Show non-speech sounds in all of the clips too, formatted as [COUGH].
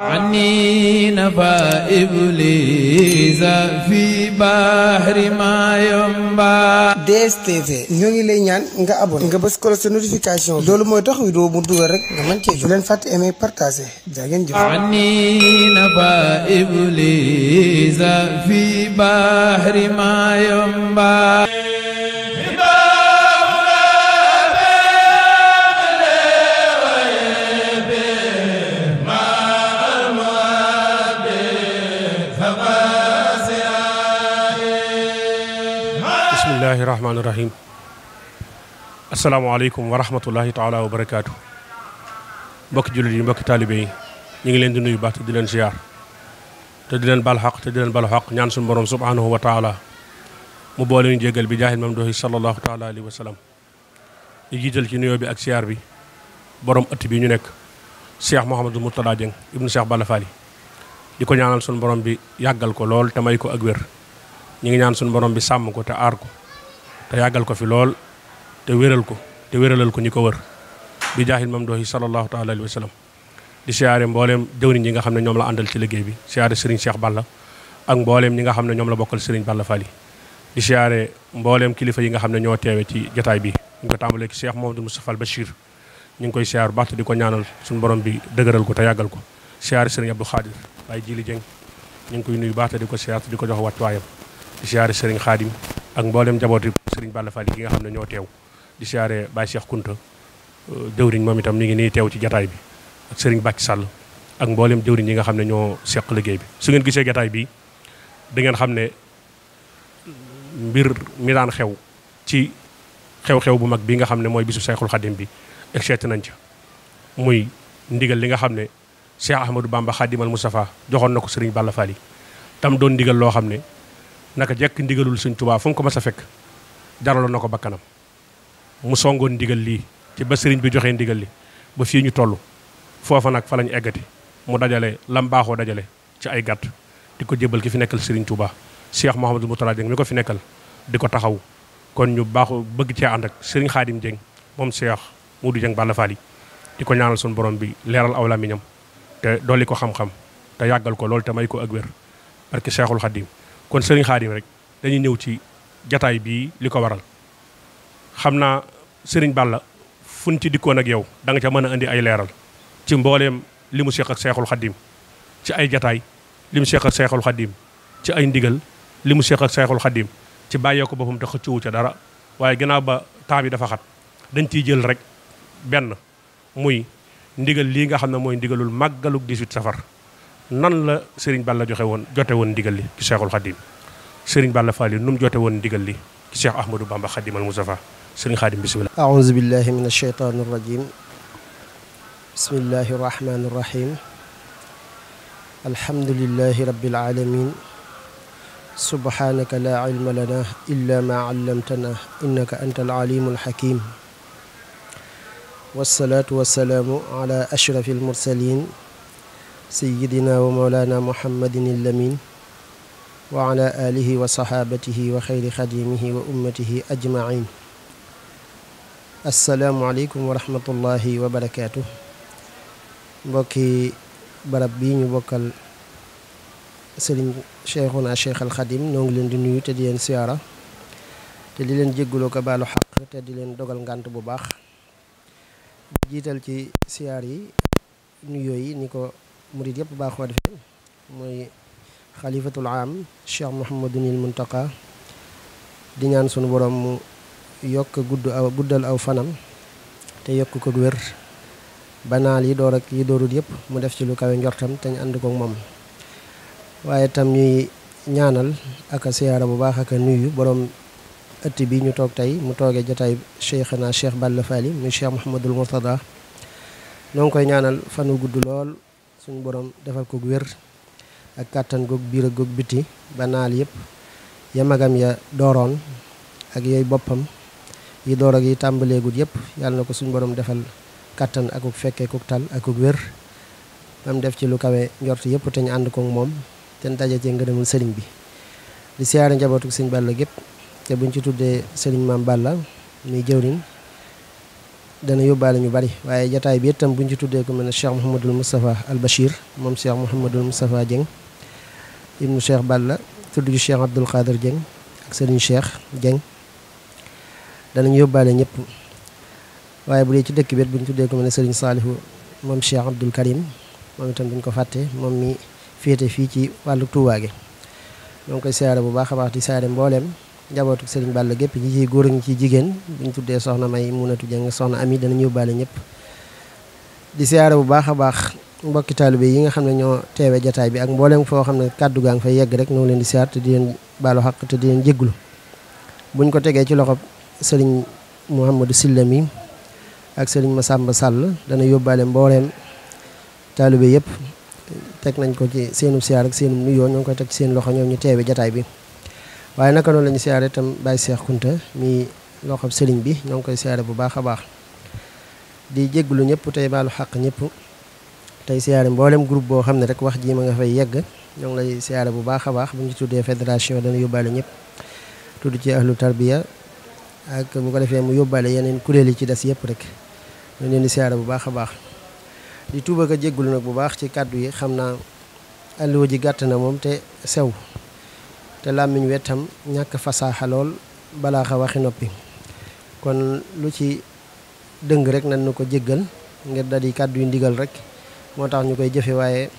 na عني نفى إبليس في بحر ما ينبع DSTV ñoo ngi lay ñaan nga abonné nga bës ko sa notification loolu mooy tax vidéo mu dugal rek nga mën cee jox leen fàtte aimer partager jaa ngeen bismillahi rahmaani rahim asalaamaaleykum wa rahmatullahi taala wa barakaatu mbokki jullit yi mbokki taalibe yi ñu ngi leen di nuyu baax te di leen ziar te di leen bal xaq te di leen balu xaq ñaan suñu borom subhanahu wa taala mu boole ñu jégal bi jaaxil mam doxi sallallahu taala alayhi wa sallam di jiital ci nuyoo bi ak ziar bi borom ëtt bi ñu nekk Cheikh Mouhamadou Mourtada Dieng ibnu Cheikh Balla Fally di ko ñaanal suñu borom bi yàggal ko lool te may ko ak wér ñu ngi ñaan suñu borom bi sàmm ko te aar ko te yàggal ko fi lool te wéral ko te wéralal ko ñi ko wër bi jaaxil mam dooyi sallallahu taala alayhi wa sallam di siyaare mbooleem jëwriñ yi nga xam ne ñoom la àndal ci liggéey bi siyaare sëriñ Cheikh Balla ak mbooleem ñi nga xam ne ñoom la bokkal sëriñ Balla Fally di siyaare mbooleem kilifa yi nga xam ne ñoo teewe ci jataay bi ñu ko tàmbalee ci Cheikh Mouhamadou Moustapha Al Bachir ñu ngi koy siyaar baax te di ko ñaanal suñu borom bi dëgëral ko te yàggal ko siyaare sëriñ Abdou Khadir Baye Jili Dieng ñu ngi koy nuyu baax te di ko siyaar di ko jox wàccuwaayam di siyaare sëriñ Khadim ak mboolem njabootu sëriñ Balla Fall gi nga xam ne ñoo teew di siyaare Baye Cheikh Kunta euh, jëwriñ moom itam mi ngi nii teew ci jataay bi ak Serigne Bàcc ak mboolem jëwriñ yi nga xam ne ñoo seq liggéey bi su ngeen gisee jataay bi dangeen xam ne mbir mi daan xew ci xew-xew bu mag bi nga xam ne mooy bisu Seexul Xadim bi ek nañ ca muy ndigal li nga xam ne Cheikh Ahmadou Bamba Xadimal Moustapha joxoon na ko sëriñ Balla Fall tam doon ndigal loo xam ne naka kendi ndigalul seigne touba fu ko mas fek fekk nako bakanam mu songon ndigal li ci ba sëriñ bi joxe ndigal li ba fi ñu tollu foofa nak fa lañu eggati mu dajale lam baxo dajale ci ay gatt di ko jébal ki fi nekkal sëriñ touba Cheikh mohammed Moutala Dieng mi ko fi nekkal di ko taxaw kon ñu baxu bëgg ci ànd ak sëriñ jeng Dieng Cheikh Moudou jeng Balla fali di ko ñaanal sun borom bi leral aw te dolli ko xam-xam te yagal ko lol te may ko ak barke Cheikhul khadim kon sëriñ Xaadim rek dañuy ñëw ci jataay bii li ko waral xam naa sëriñ Balla fun ci dikkoon ak yow danga ca mën a indi ay leeral ci mbooleem li mu seq ak seexul xaddim ci ay jataay li mu seq ak ci ay ndigal li mu seq ak seexul xaddim ci bàyyee ko boppam te xëccuwu ca dara waaye gannaaw ba temps bi dafa xat dañ ciy jël rek benn muy ndigal lii nga xam ne mooy ndigalul màggaluk 18 safar nan la Serigne Balla joxe won jote won digal li ci Cheikhul Khadim Serigne Balla fali num mu jote woon ndigal li ci Cheikh Ahmadou Bamba Khadim al Mustafa Serigne Khadim bismillah a'udhu billahi minash shaitanir rajim bismillahir rahmanir rahim alhamdulillahi rabbil alamin subhanaka la ilma lana illa ma 'allamtana innaka antal alimul hakim والصلاة والسلام على أشرف المرسلين sayyidina wa mawlana muhammadin al-amin wa ala alihi wa sahaabatihi wa xayri xadimihi wa ummatihi ajmain assalaamu aleykum wa rahmatullahi wa barab bi ñu bokkal sëriñ cheikhuna cheikh alxadim ñoo ngi leen di nuyu te di leen siyaara te di leen jégguloo ko baalu xaq te di leen dogal ngànt bu baax jiital ci siyaar yi nuyoo ni ko murid yëpp baaxoo defee mooy xalifatul am cheikh mouhamadunil muntaka di ñaan sunu borom mu yokk gudd aw guddal aw fanam te yokk ko wér banaal yi doo ak yi doorul yëpp mu def ci lu kawe njortam te ñu ànd ko moom waaye tam ñuy ñaanal ak siyaara bu baax ak a nuyu borom ëtt bi ñu toog tey mu toogee jotaay cheikhana cheikh Balla Fally muy cheikh Mouhamadul Mourtada noo koy ñaanal fanu gudd lool suñu borom defal ko wér ak katan gog biir gog biti banal yep ya magam ya doron, ak yoy ya bopam yi door ak yi tambale yëpp ya yep yalla ko suñu borom defal ak akuk fekke ko tal akuk wér am def ci lu kawe njort yep te and ko mom moom dajé ci ngërëmul sëriñ bi di siara njabootu sëñ Balla gep te buñ ci tuddé sëriñ mam Balla ni jëwriñ dana yóbbaale ñu bari waaye jataay bi itam buñ ci tuddee ko mel ne Cheikh Mouhamadul Moustapha al Bachir moom Cheikh Mouhamadul Moustapha Dieng ibnu Cheikh Balla tudd ci Cheikh Abdoul Khader Dieng ak Serigne Cheikh Dieng danañ yóbbaale ñëpp waaye bu dee ci dëkk bi it buñ tuddee ko mel ne Serigne Salihu moom Cheikh Abdoul Karim moom itam duñ ko fàtte moom mi féete fii ci wàllu Touba gi ñoo koy siyaare bu baax a baax di siyaare mbooleem njabootu Serigne Balla gépp ñi ciy góor ñi ciy jigéen bu ñu tuddee soxna May Munatu Jeng soxna Ami danañ yóbbaale ñëpp. di siyaare bu baax a baax mbokki taalibe yi nga xam ne ñoo teewe jataay bi ak mboolem foo xam ne kàddu gaa ngi fay yegg rek ñoo leen di siyaar te di leen baalu xaq te di ko tegee ci loxo Serigne Mouhamadou Silla mi ak Serigne Massamba Sall dana yóbbaale mbooleem taalibe yëpp teg nañ ko ci seenu siyaar ak seenu nuyoo ñoo ngi koy teg seen loxo ñoom ñu teewe jataay bi. waaye naka noonu lañu ñu siyaare itam Baye Cheikh Kounta mi loo xam sëriñ bi ñoo ngi koy siyaare bu baax a baax di jégglu ñëpp tey baalu xaq ñëpp tey siyaare mboolem groupe boo xam ne rek wax jii ma nga fay yegg ñoo ngi lay siyaare bu baax a baax bu ñu tuddee fédération dana yóbbaale ñëpp tudd ci ahlu tarbiya ak bu ko defee mu yóbbaale yeneen kuréel yi ci des yëpp rek ñu leen di siyaare bu baax a baax di tuubaka jégglu nag bu baax ci kàddu yi xam naa alluwa ji gàtt na moom te sew te làmmiñ wetam ñàkk fasaaxa lool balaa xa waxi noppi kon lu ci dëng rek nañ nu ko jéggal ngir dal di kàddu yu ndigal rek moo tax ñu koy jëfe waaye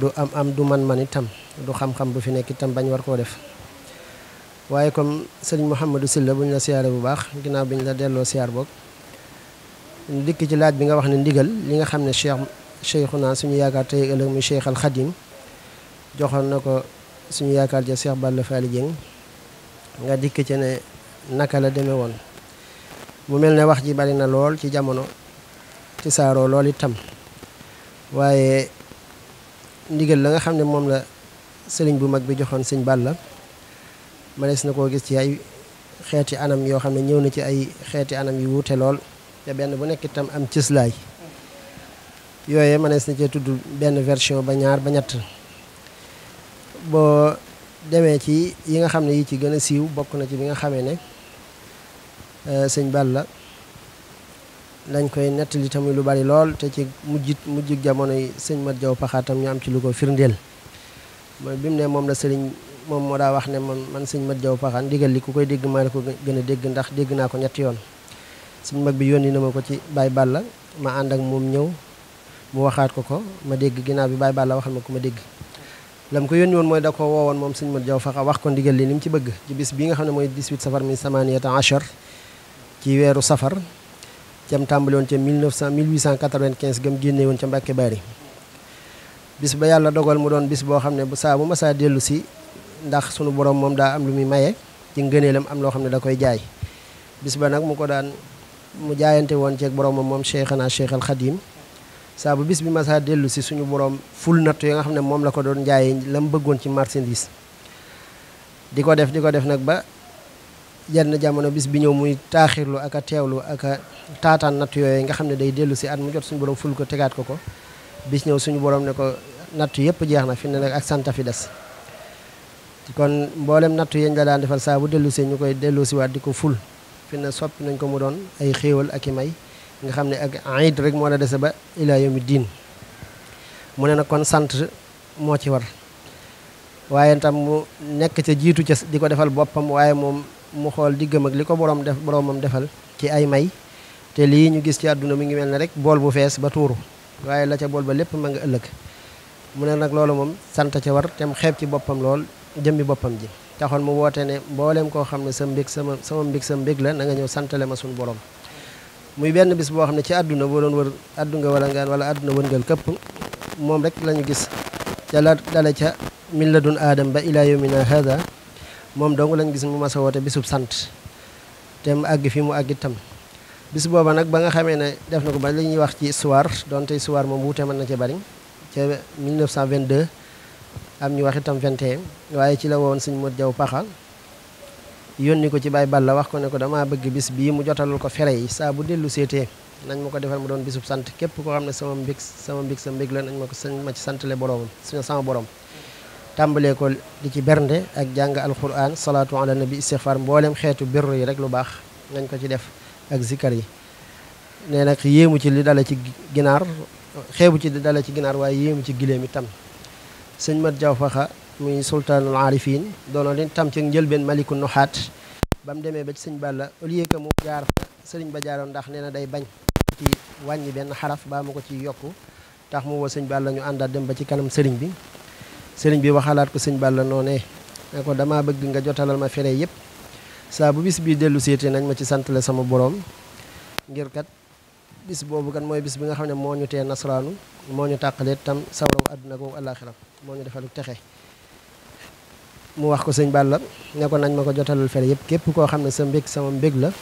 du am am du man-man itam du xam-xam bu fi nekk itam bañ war koo def waaye comme sëriñ Mouhamadou Sylla bu ñu la siyaare bu baax ginnaaw bi ñu la delloo siyaar boog dikk ci laaj bi nga wax ne ndigal li nga xam ne cheikh cheikhuna suñu yaakaar tey ëllëg muy cheikh al joxoon na ko suñu yaakaar ja Cheikh Balla Faly Dieng nga dikk ci ne naka la demee woon mu mel ne wax ji bari na lool ci jamono ci saaroo lool itam waaye ndigal la nga xam ne moom la sëriñ bu mag bi joxoon sëñ la mënees na koo gis ci ay xeeti anam yoo xam ne ñëw na ci ay xeeti anam yu wuute lool te benn bu nekk itam am cëslaay yooye mënees na cee tudd benn version ba ñaar ba ñett boo demee ci yi nga xam ne yi ci gën a siiw bokk na ci bi nga xamee ne eh, sëñ la lañ koy nettali tamit lu bari lool te ci mujjit mujjig jamono yi sëñ Mat Jaw paxaatam ñu am ci lu ko firndeel mooy bi mu ne la sëriñ moom moo daa wax ne man man sëñ Mat Jaw paxaa ndigal li ku koy dégg maa ko gën a dégg ndax naa ko ñetti yoon suñ mag bi yónni na ma ko ci Baye la ma ànd ak moom ñëw mu waxaat ko ko ma dégg ginnaaw bi Baye Balla waxal ma ko ma dégg lam ko yónni woon mooy da ko mom moom sëñ Mat wax ko ndigal li nim ci bëgg ci bis bi nga xamne moy 18 safar 1918 ci wéru safar jam tambali won ci 1900 1895 gam génne won ci mbacké Bari bis ba yalla dogal mu don bis bo xamne bu sa bu ma sa delu ci ndax sunu borom mom da am lu mi mayé ci ngëneelam am lo xamne da koy jaay bis ba nak mu ko daan mu jaayante woon ceeg borom mom Cheikhana Cheikh al Khadim saa bis bi masa dellu si suñu borom ful nattu yi nga xam ne moom la ko doon jaayee la mu bëggoon ci marchandise di ko def di ko def nag ba jenn jamono bis bi ñëw muy taaxirlu ak a teewlu ak a taataan nattu yooyu nga xam ne day dellu si at mu jot suñu borom ful ko tegaat ko ko bis ñëw suñu borom ne ko nattu yëpp jeex na fi ne nag ak santa fi des kon mboolem nattu yeñ la daan defal saa bu dellu see ñu koy dellu siwaat di ko ful fi ne soppi nañ ko mu doon ay xéewal ak i nga xam ne ak iid rek moo la dese ba ila yawmi diin mu ne nag kon sant moo ci war waaye tam mu nekk ca jiitu ca di ko defal boppam waaye moom mu xool diggam ak li ko borom def boromam defal ci ay may te lii ñu gis ci àdduna mi ngi mel ne rek bool bu fees ba tuuru waaye la ca bool ba lépp ma nga ëllëg mu ne nag loolu moom sant ca war te mu xeeb ci boppam lool jëmmi boppam ji taxoon mu woote ne mbooleem koo xam ne sa mbég sama sama mbég sa mbég la na nga ñëw santale ma suñu borom muy benn bis boo xam ne ci àdduna boo doon wër àddu walla wala ngaan wala àdduna wëngal këpp moom rek lañu gis ca la dale ca min la dun aadam ba illaa ilaa yawmina hada moom dong lañ gis mu mas a woote bisub sant te mu àgg fi mu àgg itam bis booba nag ba nga xamee ne def na ko ba li ñuy wax ci histoire donte suwaar moom wuute mën na ci bari ca 1922 am ñu wax itam 21 waaye ci la woon suñ mot jaw paxal yónni ko ci Baye la wax ko ne ko damaa bëgg bis bii mu jotalul ko fere yi saa bu dellu seetee nañ ma ko defal ma doon bisub sant képp koo xam ne sama mbég sama mbég sa mbég la nañ ma ko sañ ma ci santale boroomam suñu sama borom tàmbalee ko di ci bernde ak jàng alquran salaatu ala nabi istighfar mboolem xeetu birru yi rek lu baax nañ ko ci def ak zikar yi nee nag yéemu ci li dala ci ginaar xeebu ci li dala ci ginaar waaye yéemu ci giléem itam sëñ ma jaw faxa muy sultaanul aarifin doono leen tam ci njëlbeen maliku nuxaat ba mu demee ba ci sëñ Balla au lieu que mu jaar fa sëriñ ba jaaroon ndax nee na day bañ ci wàññi benn xaraf baa mu ko ci yokk tax mu woo sëñ Balla ñu àndaat dem ba ci kanam sëriñ bi sëriñ bi waxalaat ko sëñ Balla noonee ne ko damaa bëgg nga jotalal ma fere yëpp saa bu bis bii dellu seete nañ ma ci sant la sama boroom ngir kat bis boobu kan mooy bis bi nga xam ne moo ñu tee nasraanu moo ñu tàqalee tam sawraw àdduna ko moo ñu defal texe mu wax ko sëñ Balla ne ko nañ mako jotalul fere yep kep ko xamne sa mbég sama mbég la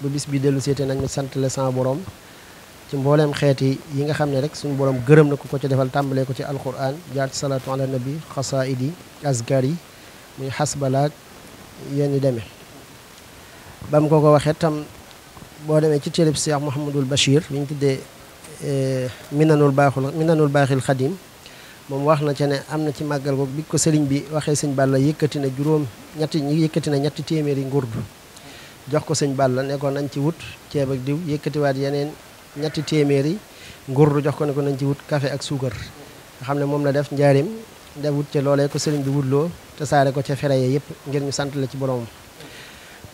bu bis bi delu seete nañ ma sante le sama borom ci mbolem xéti yi nga xamne rek suñu borom gërëm na ko ko ci defal tambalé ko ci alquran jaar salatu ala nabi khasaidi azgari muy xasbalaak yéen demé bam ko ko waxé tam bo démé ci téléb Cheikh mohammedul bashir bi ñu tuddee minanul baaxul minanul baaxil khadim moom wax na ce ne am na ci màggal googu bi ko sëriñ bi waxee sëñ Balla yëkkati na juróom ñetti yëkkati na ñetti téeméeri ngurdu jox ko sëñ Balla ne ko nañ ci wut ceeb ak diw yëkkatiwaat yeneen ñetti téeméeri ngurdu jox ko ne ko nañ ci wut café ak suukar nga xam ne moom la def njaarim def wut ca loolee ko sëriñ bi wutloo te saare ko ca fere yëpp ngir ñu sant la ci boromam.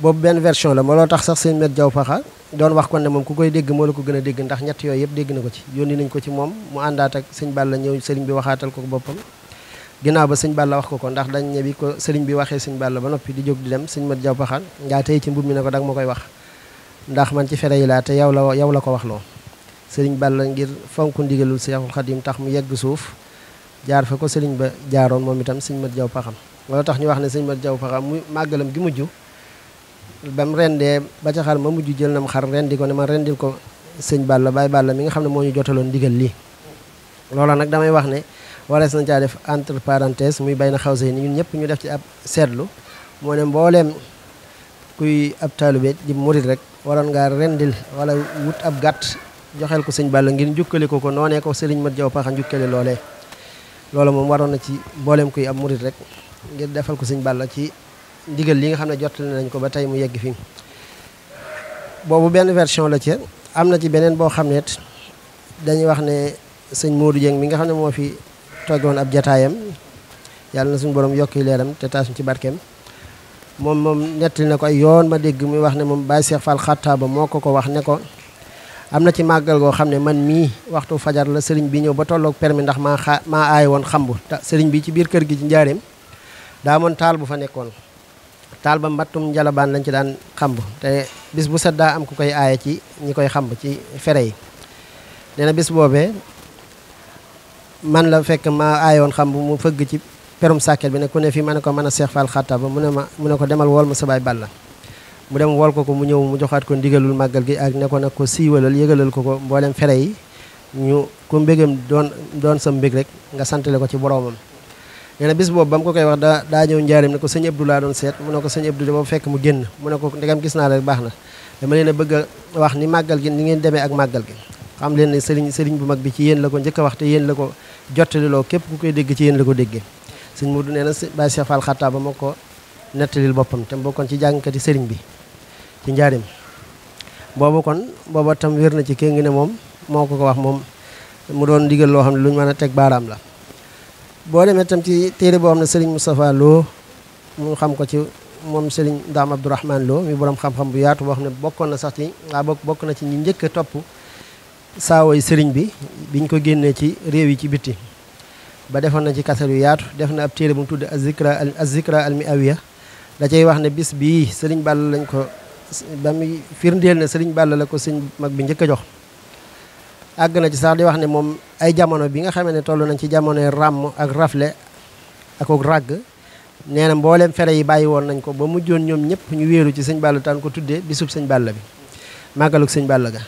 boobu benn version la looloo tax sax sëñ Met Jaw Paxa doon wax kon ne moom ku koy dégg moo la ko gën a dégg ndax ñett yooyu yëpp dégg na ko ci yónni nañ ko ci moom mu àndaat ak sëñ la ñëw sëriñ bi waxaatal ko boppam ginnaaw ba sëñ Balla wax ko ko ndax dañ ne bi ko sëriñ bi waxee sëñ Balla ba noppi di jóg di dem sëñ Met Jaw Paxa ngaa tey ci mbub mi ne ko danga ma koy wax ndax man ci fere yi laa te yow la yow la ko wax loo sëriñ la ngir fonk ndigalul Seexul Xadim tax mu yegg suuf jaar fa ko sëriñ ba jaaroon moom itam sëñ Met Jaw Paxa looloo tax ñu wax ne sëñ Met Jaw Paxa mu màggalam gi mujj bam mu rendee ba ca ma mujj jël na mu xar rendi ko ne ma rendil ko sëñ Balla Baye Balla mi nga xam ne moo ñu jotaloon ndigal lii loola nag damay wax ne warees nañ caa def entre parenthèse muy bay na xaw say ni ñun ñëpp ñu def ci ab seetlu moo ne mbooleem kuy ab taalibe di murit rek waroon ngaa rendil wala wut ab gàtt joxel ko sëñ Balla ngir njukkale ko ko noonee ko sëriñ Mat Jaw Paxa njukkale loolee loolu moom waroon na ci mbooleem kuy ab murit rek ngir defal ko sëñ Balla ci ndigal li nga xam ne jottali nañ ko ba tey mu yegg fii boobu benn version la ca am na ci beneen boo xam ne dañuy wax ne sëñ Modou Dieng mi nga xam ne moo fi toogoon ab jataayam yàlla suñu borom yokki leeram te taasuñ ci barkeem moom moom nettali na ko yoon ma dégg muy wax ne moom Baye Cheikh Fall Xattaaba moo ko ko wax ne ko am na ci màggal goo xam ne man mii waxtu fajar la sëriñ bi ñëw ba tolloog permis ndax maa xaa maa aay woon xambu sëriñ bi ci biir kër gi ci njaareem daa moon taal bu fa nekkoon taal ba mbattum njalabaan lañ ci daan xamb te bis bu set daa am ku koy aaye ci ñi koy xamb ci fere yi nee bis boobee man la fekk ma aayoon xamb mu fëgg ci perum sàkket bi ne ku ne fii ma ne ko mën a seex faal xatta ba mu ne ma mu ne ko demal wool ma sa baay la mu dem wool ko ko mu ñëw mu joxaat ko ndigalul màggal gi ak ne ko nag ko siiwalal yëgalal ko ko mboolem fere yi ñu ku mbégam doon doon sa mbég rek nga santale ko ci boroomam nee na bis boobu ba mu ko koy wax daa daa ñëw njaarim ne ko sëñ Abdou laa doon seet mu ne ko sëñ Abdou boobu fekk mu génn mu ne ko ndegam gis naa la baax na dama leen a bëgg a wax ni màggal gi ni ngeen demee ak màggal gi xam leen ne sëriñ sëriñ bu mag bi ci yéen la ko njëkk wax te yéen la ko jottaliloo képp ku koy dégg ci yéen la ko déggee sëñ Modou nee na Baye Cheikh Fall Xattaab ba moo ko nettalil boppam te bokkoon ci jàngkati sëriñ bi ci njaarim boobu kon booba tam wér na ci kée ngi ne moom moo ko ko wax moom mu doon digal loo xam ne lu mën a teg baaraam la boo demee tam ci téere boo xam ne Serigne Moustapha Lo mu xam ko ci moom Serigne Ndaam Abdourahman Lo mi borom xam-xam bu yaatu boo xam ne bokkoon na sax ci waa bokk bokk na ci ñu njëkk a topp yi sëriñ bi biñ ko génnee ci réew yi ci bitti ba defoon na ci kaset yu yaatu def na ab téere bu mu tudd Azikra Azikra al Miawiya da cay wax ne bis bii Serigne Ball lañ ko ba muy firndeel ne Serigne Ball la ko sëñ mag bi njëkk a jox. àgg na ci sax di wax ne moom ay jamono bi nga xamee ne toll nañ ci jamonoy ràmm ak rafle ak ak ràgg nee na mbooleem fere yi bàyyi woon nañ ko ba mujjoon ñoom ñëpp ñu wéeru ci sëñ Balla taan ko tuddee bisub sëñ Balla bi màggaluk sëñ Balla ga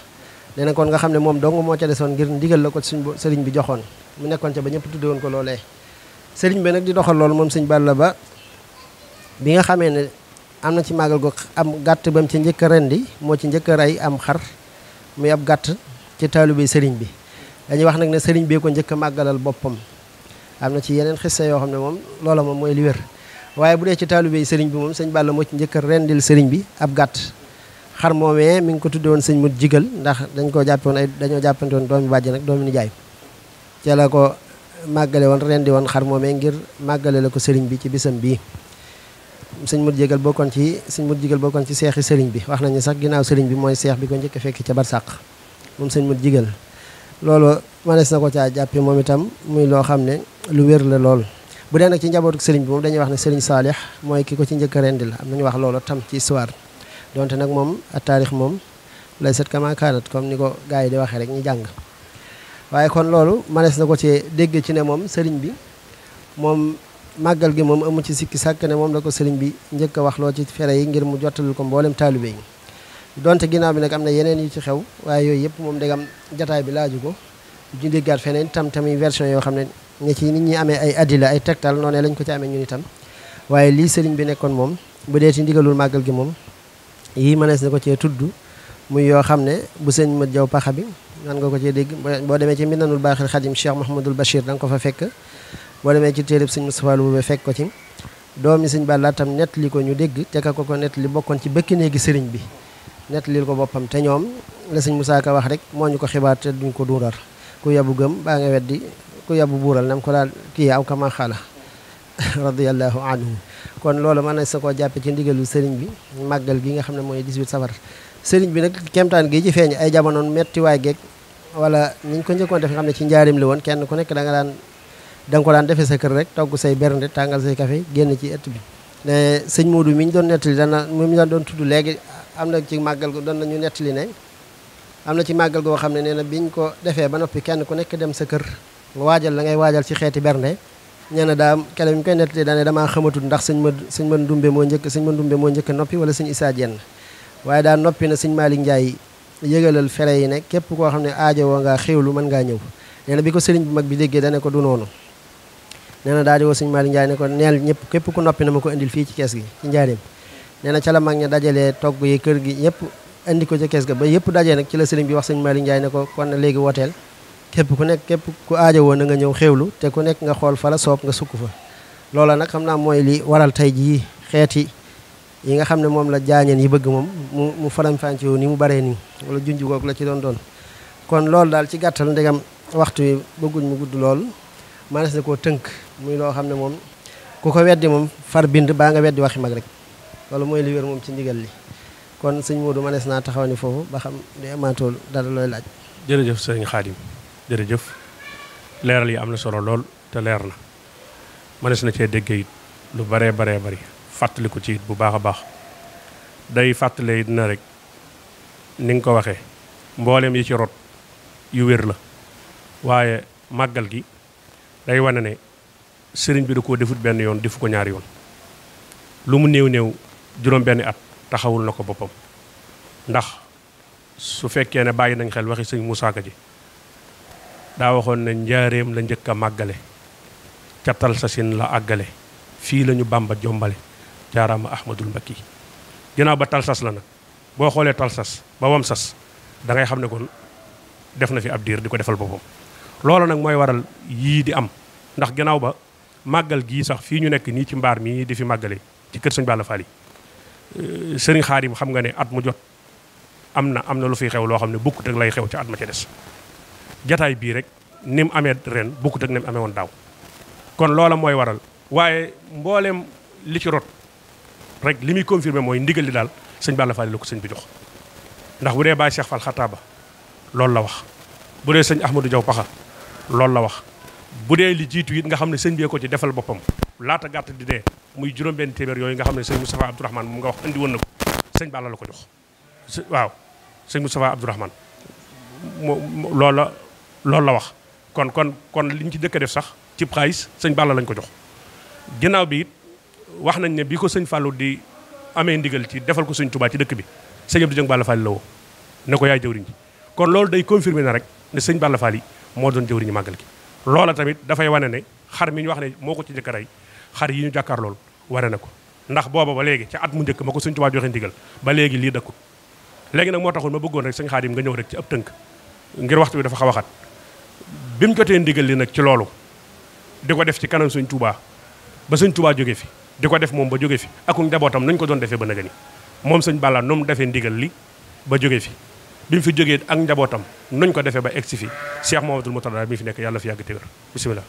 nee na kon nga xam ne moom dong moo ca desoon ngir ndigal la ko suñ sëriñ bi joxoon mu nekkoon ca ba ñëpp tudde woon ko loolee sëriñ bi nag di doxal loolu moom sëñ Balla ba bi nga xamee ne am na ci màggal go am gàtt bam ci njëkk a moo ci njëkk a am xar muy ab gàtt ci taalube sëriñ bi dañuy wax nag ne sëriñ bee ko njëkk a màggalal boppam am na ci yeneen xissa yoo xam ne moom loola moom mooy li wér waaye bu dee ci taalube yi sëriñ bi moom sëñ Balla moo ci njëkk a rendil sëriñ bi ab gàtt xar moomee mi ngi ko tudde sëñ mut jigal ndax dañ koo jàppoon ay dañoo jàppante woon doomi bàjj nag doomi nijaay ca la ko màggale woon rendi woon xar moomee ngir màggale ko sëriñ bi ci sañ bii sëñ mut jigal bokkoon ci sëñ mut jigal bokkoon ci seexi sëriñ bi wax nañu sax ginnaaw sëriñ bi mooy seex bi ko njëkk fekk ca barsàq moom sëñ mat jigal loolu manees na ko caa jàppe moom itam muy loo xam ne lu wér la lool bu dee nag ci njabootu sëriñ bi moom dañuy wax ne sëriñ Saalix mooy ki ko ci njëkk a rendi la am nañu wax loolu tam ci histoire donte nag moom a taarix moom lay set kama kaanat comme ni ko gars yi di waxee rek ñu jàng waaye kon loolu manees na ko ci dégge ci ne moom sëriñ bi moom màggal gi moom amu ci sikki sàkk ne moom la ko sëriñ bi njëkk wax loo ci fere yi ngir mu jottalul ko mboolem taalibe yi donte ginnaaw bi nag am na yeneen yi ci xew waaye yooyu yëpp moom dagam jataay bi laaju ko ñu déggaat feneen tam tamit version yoo xam ne ne ci nit ñi amee ay adila ay tegtal noonu lañ ko ci amee ñun itam waaye lii sëriñ bi nekkoon moom bu dee ci ndigalul màggal gi moom yii mënees na ko cee tudd muy yoo xam ne bu sëñ ma jaw paxa bi nan nga ko cee dégg boo demee ci minanul baaxil xadim Cheikh Mahamadul Bachir da nga ko fa fekk boo demee ci téereb sëñ Moustapha Lo ba fekk ko ci doomi sëñ Balla tam nett li ko ñu dégg te ko ko nett li bokkoon ci bëkki néegi sëriñ bi nettalil ko boppam te ñoom la sëñ Moussa Ka wax rek moo ñu ko xibaar te duñ ko duurar ku yabu gëm baa nga weddi ku yabu buural nam ko daal kii aw kama xala [LAUGHS] radiyallahu anhu kon loolu mën na sa koo jàppe ci ndigalu sëriñ bi màggal gi nga xam ne mooy 18 safar sëriñ bi nag kemtaan gi ci feeñ ay jamonoon mettiwaay geeg wala niñ ko njëkkoon def nga xam ci njaarim li woon kenn ku nekk da daan da nga ko sa kër rek togg say bernde tàngal say café génn ci ëtt bi ne sëñ Moodu doon tudd léegi am na ci màggal gu doon nañu nettali ne am na ci màggal goo xam ne nee na biñ ko defee ba noppi kenn ku nekk dem sa kër waajal la waajal ci xeeti bernde nee na daa kele bi ñu koy nettali daane damaa xamatul ndax sëñ ma sëñ ma ndumbe moo njëkk sëñ ma ndumbe moo njëkk noppi wala sëñ Issa Dieng daa noppi na sëñ Malick Ndiaye yëgalal fere yi ne képp koo xam ne aajo woo ngaa xéwlu mën ngaa ñëw nee bi ko sëriñ bu mag bi déggee dane ko du noonu nee na daa di woo sëñ Malick Ndiaye ne ko neel ñëpp képp ku noppi na ma ko indil fii ci kees gi ci njaareem nee ca la mag ña dajalee togg yi kër gi ñëpp indi ko ca kees ga ba yëpp dajee nag ci la sëriñ bi wax sëñ Malick Ndiaye ne ko kon léegi wooteel képp ku nekk képp ku woon na nga ñëw xéewlu te ku nekk nga xool fa la soob nga sukk fa loola nag xam naa mooy li waral tey jii xeeti yi nga xam ne moom la jaañeen yi bëgg moom mu mu faram-fàccee wu ni mu baree nii wala junj googu la ci doon doon kon loolu daal ci gàttal ndegam waxtu yi bëgguñ mu gudd lool manes koo tënk muy loo xam ne moom ku ko weddi moom far bind baa nga weddi waxi mag rek loolu mooy li wér moom ci ndigal li kon sëñ Modou manees naa taxaw ni foofu ba xam ne amaatool dara looy laaj. jërëjëf sëñ Xaadim jërëjëf leeral yi am na solo lool te leer na manees na cee déggee it lu baree baree bari fàttali ko ci it bu baax a baax day fàttale it na rek ni ko waxee mbooleem yi ci rot yu wér la waaye màggal gi day wane ne sëriñ bi da koo defut benn yoon defu ko ñaari yoon lu mu néew néew. juróom benni at taxawul na ko boppam ndax su fekkee ne bàyyi nañ xel waxi sëñ Moussa Ka ji daa waxoon ne njaareem la njëkk a màggale cattal sa sin la àggale fii la ñu bàmba jombale jaaraama ahmadul mbakki ginnaaw ba talsas la nag boo xoolee talsas ba wam sas da ngay xam ne kon def na fi ab diir di ko defal boppam loolu nag mooy waral yii di am ndax ginnaaw ba màggal gii sax fii ñu nekk nii ci mbaar mii di fi màggale ci kër sëñ Balla Fall Euh, sëriñ mu xam nga ne at mu jot am na am na lu fiy xew loo xam ne bukkut ak lay xew ca at ma ca des jataay bii rek ni mu amee ren bukkut ak ni amee woon daaw kon loola mooy waral waaye mbooleem li rot rek li muy confirmé mooy ndigal li daal sëñ Balla Fall la ko sëñ bi jox ndax bu dee Baye Cheikh Fall Xataaba loolu la wax bu dee sëñ Ahmadou Diaw Paxa loolu la wax bu dee li jiitu it nga xam ne sëñ bee ko ci defal boppam laata gàtt di dee muy juróom-benn téeméer yooyu nga xam ne sëñ Moustapha Abdourahmane mu nga wax andi woon na ko sëñ Balla la ko jox waaw sëñ Moustapha Abdourahmane moo loolu loolu la wax kon kon kon liñ ci dëkk def sax cib xaalis sëñ Balla lañ ko jox ginnaaw bi it wax nañ ne bi ko sëñ Fallou di amee ndigal ci defal ko sëñ Touba ci dëkk bi sëñ Abdou Dieng Balla Fall la woo ne ko yaay jëwriñ ji kon loolu day confirmer na rek ne sëñ Balla Fall yi moo doon jëwriñu màggal gi loola tamit dafay wane ne xar mi ñu wax ne moo ko ci njëkk a xar yi ñu jàkkaar loolu ware na ko ndax booba ba léegi ci at mu njëkk ma ko suñ tubaa joxe ndigal ba léegi lii dëkku léegi nag moo taxul ma bëggoon rek sëñ xaadim nga ñëw rek ci ab tënk ngir waxtu bi dafa xaw a bi mu jotee ndigal li nag ci loolu di ko def ci kanam suñ tubaa ba suñ tubaa jóge fi di ko def moom ba jóge fi ak njabootam nañ ko doon defee ba nagani moom sëñ Balla nu mu defee ndigal li ba jóge fi bi mu fi jógee ak njabootam nuñ ko defee ba egsi fi Cheikh Mouhamadoul Mourtada mi fi nekk yàlla fi yàgg téwér bisimilah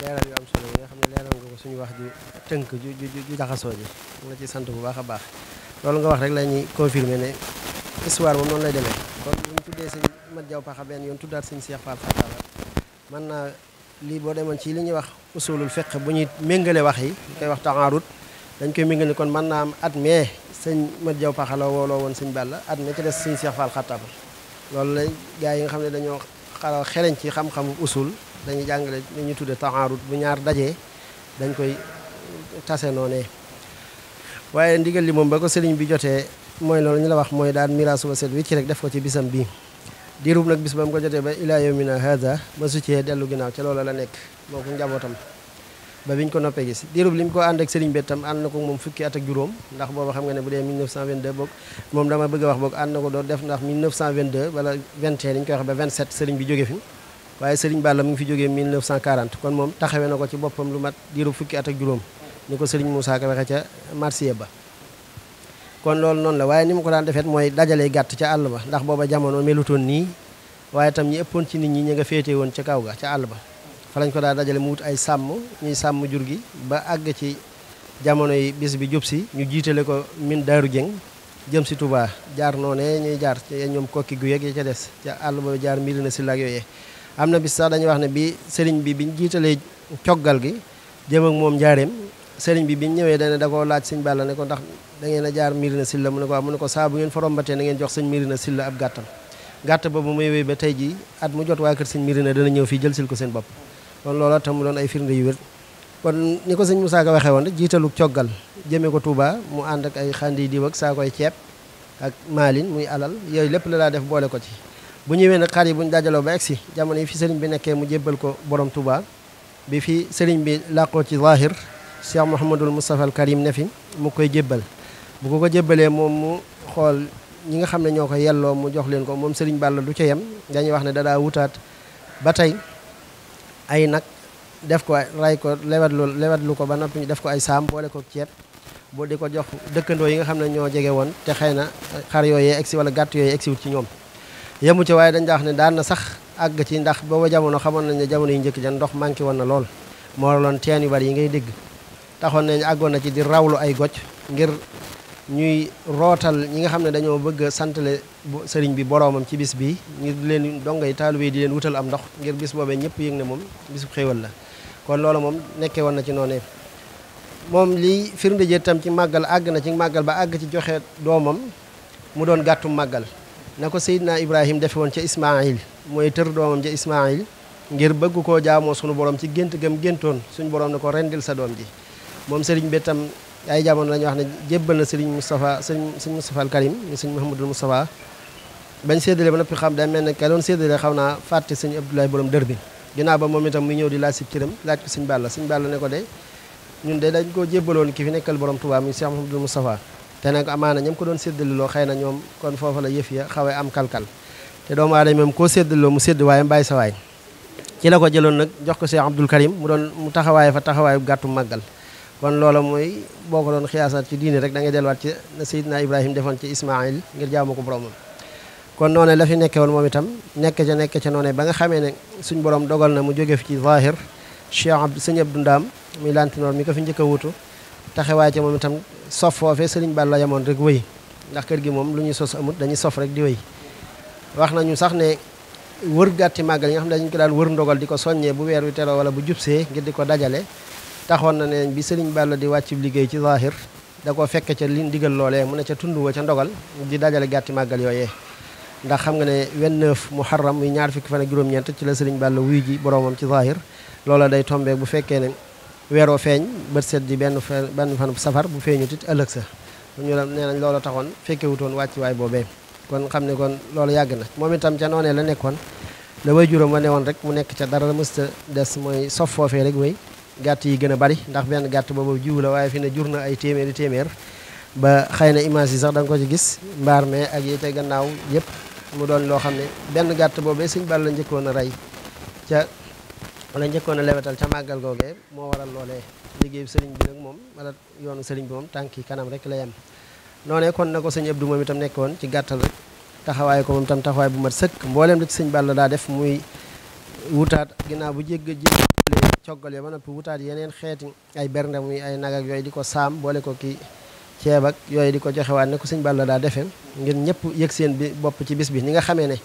leeral yu am solo yi nga xam ne leeral nga ko suñu wax ju tënk ju ju ju jaxasoo ji nga ci sant bu baax a baax loolu nga wax rek la ñuy confirmer ne histoire moom noonu lay demee kon bu ñu tuddee sëñ Mat Jaw Paxa benn yoon tuddaat sëñ Seex Faal Fatala mën lii boo demoon ci li ñuy wax usulul fiqh bu ñuy méngale wax yi koy wax dañ koy méngale kon mën naa am at mee sëñ Mat Jaw Paxa woon sëñ Balla at mee ci des sëñ Seex Faal Xattaab loolu la gaa yi nga xam ne dañoo xalaat xereñ ci xam-xamu usul dañu jàngale li ñuy tudde taarut bu ñaar dajee dañ koy tase noonee waaye ndigal li moom ba ko sëriñ bi jotee mooy loolu ñu la wax mooy daan miraas ba set wi def ko ci bisam bii diirub nag bis ba mu ko jotee ba ilaa yawmina dellu ginnaaw ca loola la nekk moo ko njabootam ba biñ ko noppee gis diirub li mu ko ànd ak sëriñ bi tam ànd na ko moom fukki at ak juróom ndax booba xam nga ne bu dee 1922 boog moom dama bëgg a wax boog ànd na ko doon def ndax 1922 wala 21 ni ñu koy wax waye Serigne Balla mu ngi fi joge 1940 kon mom taxawé nako ko ci bopam lu mat diru fukki at ak juroom niko Serigne Moussa Ka ca ba kon lol non la waye ni ko dan defet moy dajale gatt ca allah ba ndax boba jamono meluton ni waye tam ñi eppon ci nit ñi ñi nga féete ca kaw ga ca allah ba fa lañ ko da dajale mu wut ay sam ñi sam jurgi ba ag ci jamono yi bis bi jupsi ñu jitalé ko min daru jeng jëm si Touba jaar noné ñi jaar ci ñom kokki gu yeeg ya ca des ca allah ba jaar milina ci lak yoyé am na bis sax dañuy wax ne bi sëriñ bi bi ñu jiitalee coggal gi jëm ak moom njaareem sëriñ bi biñ ñëwee dane da koo laaj sëñ Balla ne ko ndax da ngeen a jaar Mirina Silla mu ne ko waaw mu ne ko saa bu ngeen forombatee na ngeen jox sëñ Mirina Silla ab gàttam gàtt boobu muy wéy ba tey jii at mu jot waa kër sëñ Mirina dana ñëw fii jël sil ko seen bopp kon loola tam mu doon ay firnde yu wér kon ni ko sëñ Moussa Ka waxee woon rek jiitalu coggal jëmee ko Touba mu ànd ak ay diw ak saako ceeb ak maalin muy alal yooyu lépp la laa def boole ko ci bu ñëwee nag xar yi bu ñu dajaloo ba egsi jamono yi fi sëriñ bi nekkee mu jébbal ko borom Touba bi fi sëriñ bi làqoo ci zahir Cheikh Mouhamadul Moustapha al Karim ne fi mu koy jébbal bu ko ko jébbalee moom mu xool ñi nga xam ne ñoo ko yelloo mu jox leen ko moom sëriñ la du ca yem dañuy wax ne dadaa wutaat ba tey ay nag def ko ray ko lewetlu lewetlu ko ba noppi def ko ay saam boole ko ceeb boo di ko jox dëkkandoo yi nga xam ne ñoo jege woon te xëy na xar yooyee egsi wala gàtt yooyee egsiwut ci ñoom yemu ci waaye dañ daa wax ne daan na sax àgg ci ndax booba jamono xamoon nañ ne jamono yi njëkk jan ndox manqué woon na lool moo loon yi ngay dégg taxoon nañ àggoon na ci di rawlu ay goj ngir ñuy rootal ñi nga xam ne dañoo bëgg a santale sëriñ bi boroomam ci bis bi ngir leen donga yi taalibe yi di wutal am ndox ngir bis boobee ñëpp yëg ne moom bisu xéewal la kon loolu moom nekkee woon na ci noonu moom lii firnde jee tam ci màggal àgg na ci màggal ba àgg ci joxe doomam mu doon gàttum màggal na ko Seydina Ibrahim defe woon ca Ismaayil mooy tër doomam ca Ismaayil ngir bëgg koo jaamoo suñu borom ci gént gëm géntoon suñu boroom ne ko rendil sa doom ji moom sëriñ be tam ay jamono la ñuy wax ne jébbal na sëriñ Moustapha sëriñ sëriñ Moustapha al Karim sëriñ Mouhamadul Moustapha bañ séddale ba noppi xam day mel ne ka doon xaw naa fàtte sëñ Abdoulaye borom dër bi ginnaaw ba moom itam muy ñëw di laaj si cëram laaj ko sëñ Balla sëñ Balla ne ko de ñun de dañ koo jébbaloon ki fi nekkal borom Tuubaa mi Cheikh Mouhamadul Moustapha te nag amaana ñam ko doon séddaliloo xëy na ñoom kon foofa la yëf ya xawee am kalkal te doomu aadama moom koo séddaloo mu sédd waaye mbàyyi sa waay ci la ko jëloon nag jox ko Cheikh Abdoul Karim mu doon mu taxawaay fa taxawaayu gàttu màggal kon loola mooy boo ko doon xiyaasaat ci diine rek da ngay delluwaat ci na Seydina Ibrahima defoon ci Ismaïl ngir jaamu ko boromam kon noone la fi nekke woon moom itam nekk ca nekk ca noone ba nga xamee ne suñ borom dogal na mu jóge fi ci zahir Cheikh Abdou sëñ Abdou Ndaam muy mi ko njëkk a wutu taxawaay ca moom itam sof foofe sëriñ la yamoon rek wéy ndax kër gi moom lu ñuy sos amut dañuy sof rek di wéy wax nañu sax ne wër gàtti màggal yi nga xam ne dañu ko daan wër ndogal di ko soññee bu weer wi teroo wala bu jubsee ngir di ko dajale taxoon na ne bi sëriñ Balla di wàcc liggéey ci zahir da ko fekke ca li digal loolee mu ne ca tund wa ca ndogal di dajale gàtti màggal yooyee ndax xam nga ne 29 muharram muy ñaar fukki fan ak juróom-ñeent ci la sëriñ Balla wuy ji boroomam ci zahir loola day tombeek bu fekkee ne weeroo feeñ bët set ji benn benn fan safar bu feeñut it ëllëg sa ñu la nee nañ loola taxoon fekkewutoon waay boobee kon xam ne kon loolu yàgg na moom itam ca noonee la nekkoon la way juróom wa ne woon rek mu nekk ca dara la mësta des mooy sof foofee rek way gàtt yi gën a bari ndax benn gàtt boobu jiw la waaye fi ne jur na ay téeméeri téeméer ba xëy na image yi sax da nga ko ci gis mbaar mais ak yi gannaaw yépp mu doon loo xam ne benn gàtt boobee suñ bal la njëkkoon a rey wala njëkkoon a lewetal ca màggal googee moo waral loole liggéey sëriñ bi nag moom wala yoonu sëriñ bi moom tànki kanam rek la yem noonee kon na ko sëñ du moom itam nekkoon ci gàttal rek taxawaay ko moom taxawaay bu mat sëkk mbooleem la ci sëñ Balla daa def muy wutaat ginnaaw bu jégg jéggalee ba noppi wutaat yeneen xeeti ay bernde muy ay nag ak yooyu di ko saam boole ko ki ceeb ak yooyu di ko joxewaat ne ko sëñ Balla daa defe ngeen ñëpp yëg seen bi bopp ci bis bi ni nga xamee ne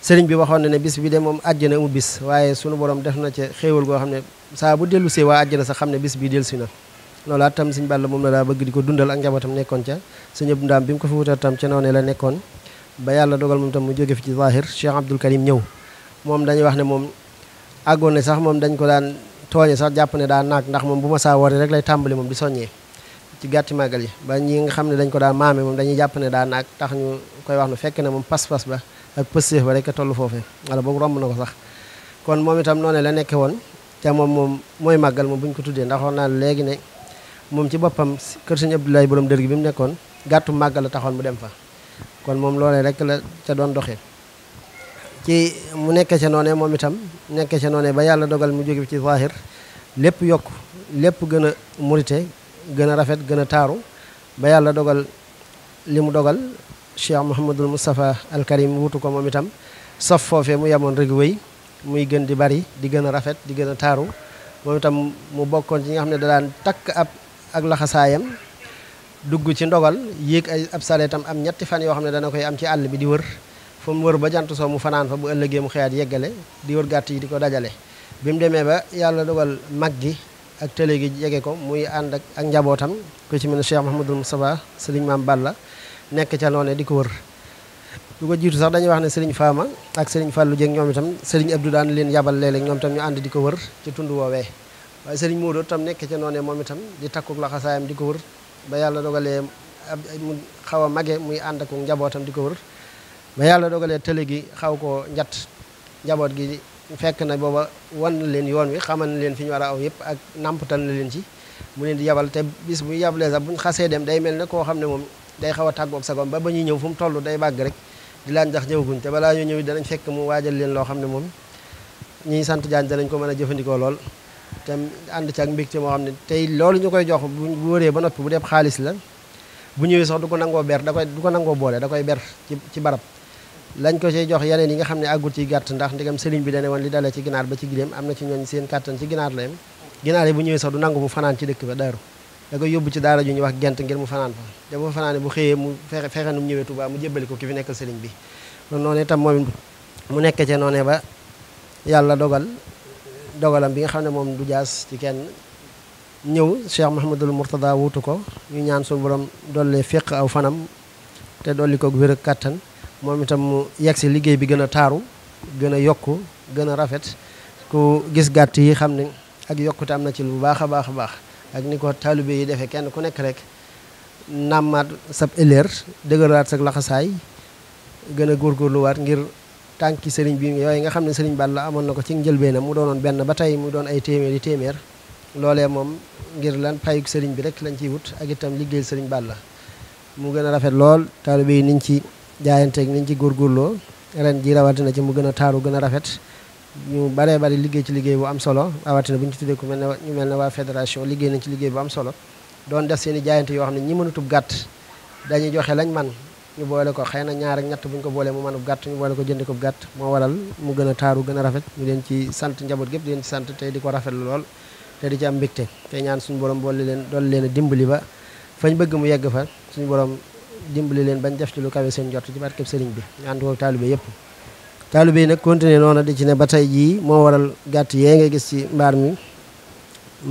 sëriñ bi waxoon na ne bis bi de moom àjjana mu bis waaye sunu borom def na ca xéewal goo xam ne saa bu dellu see waa àjjana sax xam ne bis bi dellu si na loolaa tam sëñ Balla moom la daa bëgg di ko dundal ak njabootam nekkoon ca sëñ Abdou Ndaam bi mu ko fi wutal tam ca noonu nekkoon ba yàlla dogal moom tam mu jóge fi ci zahir Cheikh moom dañuy wax ne moom àggoon ne sax moom dañ ko daan tooñe sax jàpp ne daa naag ndax moom bu ma saa woore rek lay tàmbali moom di soññee ci gàtti màggal yi ba ñi nga xam ne dañ ko daan maame moom dañuy jàpp ne daa naag tax ñu koy wax nu fekk ne moom pas-pas ba ak pëstéef ba rek toll foofee wala boog romb na ko sax kon moom itam noonu la nekke woon ca moom moom mooy màggal ma bu ñu ko tuddee ndaxoon wax naa léegi ne moom ci boppam kër sëñ Abdoulaye borom dër gi bi mu nekkoon gàttu màggal la taxoon mu dem fa kon moom loole rek la ca doon doxee ci mu nekke ca noonee moom itam nekke ca noonee ba yàlla dogal mu jóge ci zahir lépp yokk lépp gën a murite gën a rafet gën a taaru ba yàlla dogal li mu dogal Cheikh Mouhamadul Moustapha al Karim wutu ko moom itam sof foofee mu yemoon rekk wéy muy gën di bari di gën a rafet di gën a taaru moom itam mu bokkoon ci ñi nga xam ne da daan takk ab ak laxasaayam dugg ci ndogal yéeg ay ab saleetam am ñetti fan yoo xam ne dana koy am ci àll bi di wër fu mu wër ba jant soo mu fanaan fa bu ëllëgee mu xëyaat yeggale di wër gàtt yi di ko dajale bi mu demee ba yàlla dogal mag gi ak télé gi jege ko muy ànd ak njabootam ku ci mel ne Cheikh Mahamadul Moustapha Sëriñ Maam Balla nekk ca noone di ko wër lu ko jiitu sax dañuy wax ne sëriñ Faama ak sëriñ Fallou Dieng ñoom itam sëriñ Abdou daan leen yabal léeg-léeg ñoom itam ñu ànd di ko wër ci tund woowee waaye sëriñ Modou tam nekk ca noone moom itam di takkuk laxasaayam di ko wër ba yàlla dogalee mu xaw a mage muy ànd ak njabootam di ko wër ba yàlla dogalee tële gi xaw koo njat njaboot gi fekk na booba wan leen yoon wi xamal leen fi ñu war a aw yëpp ak nàmpatal na leen ci mu leen di yabal te bis bu yablee sax buñ xasee dem day mel ne koo xam ne moom day xaw a tàggoog sagom ba ba ñuy ñëw fu mu toll day bàgg rek di laan ndax ñëwaguñ te balaa ñoo ñëw danañ fekk mu waajal leen loo xam ne moom ñiy sant jaan danañ ko mën a jëfandikoo lool te ànd ci ak mbégte moo xam ne tey loolu ñu koy jox bu wëree ba noppi bu dee xaalis la bu ñëwee sax du ko nangoo ber da du ko nangoo boole da koy ber ci ci barab lañ ko cay jox yeneen yi nga xam ne àggul ci gàtt ndax ndigam sëriñ bi dane woon li dalee ci ginaar ba ci giléem am na ci ñooñ seen kàttan ci ginaar la yem yi bu ñëwee sax du nangu bu fanaan ci dëkk ba daaru da koy yóbbu ci daara ju ñuy wax gent ngir mu fanaan fa da mu fanaane bu xëyee mu fexe fexe nu mu ñëwee Tuubaa mu jébbali ko ki fi nekkal sëriñ bi noonu itam moom mu nekk ci noonee ba yàlla dogal dogalam bi nga xam ne moom du jaas ci kenn ñëw Cheikh Mouhamadul Mourtada wutu ko ñu ñaan suñu borom dolli féq aw fanam te dolli ko wér ak kàttan moom itam mu yegg si liggéey bi gën a taaru gën a yokku gën a rafet ku gis gàtt yi xam ne ak yokkute am na ci lu baax a baax a baax ak ni ko taalibe yi defee kenn ku nekk rek nàmmaat sab ëllëer dëgëraat sa laxasaay gën a góor góorluwaat ngir tànki sëriñ bi yooyu nga xam ne sëriñ la amoon na ko ci njëlbee na mu doonoon benn ba tey mu doon ay téeméeri téeméer loolee moom ngir lan payuk sëriñ bi rek lañ ciy wut ak itam liggéeyal sëriñ la mu gën a rafet lool taalibe yi niñ ci jaayanteek niñ ci góor góorloo ren ji rawatina ci mu gën a taaru gën a rafet ñu baree bari liggéey ci liggéey bu am solo rawatina bu ñu ci tuddee ku mel ne ñu mel ne waa fédération liggéey nañ ci liggéey bu am solo doon def seen jaayante yoo xam ne ñi mënatub gàtt dañuy joxe lañ man ñu boole ko xëy na ñaar ak ñett buñ ko boolee mu mënub gàtt ñu boole ko jënd ko gàtt moo waral mu gën a taaru gën a rafet ñu leen ci sant njaboot gépp leen ci sant tey di ko rafetlu lool te di ci am mbégte tey ñaan suñu borom boole leen dool leen a dimbali ba fañ bëgg mu yegg fa suñu borom dimbali leen bañ def ci lu kawe seen jot ci barkeb sëriñ bi ñu ànd ko taalibe yépp taalibe yi nag continué noonu di ci ne ba tey jii moo waral gàtt yee nga gis ci mbaar mi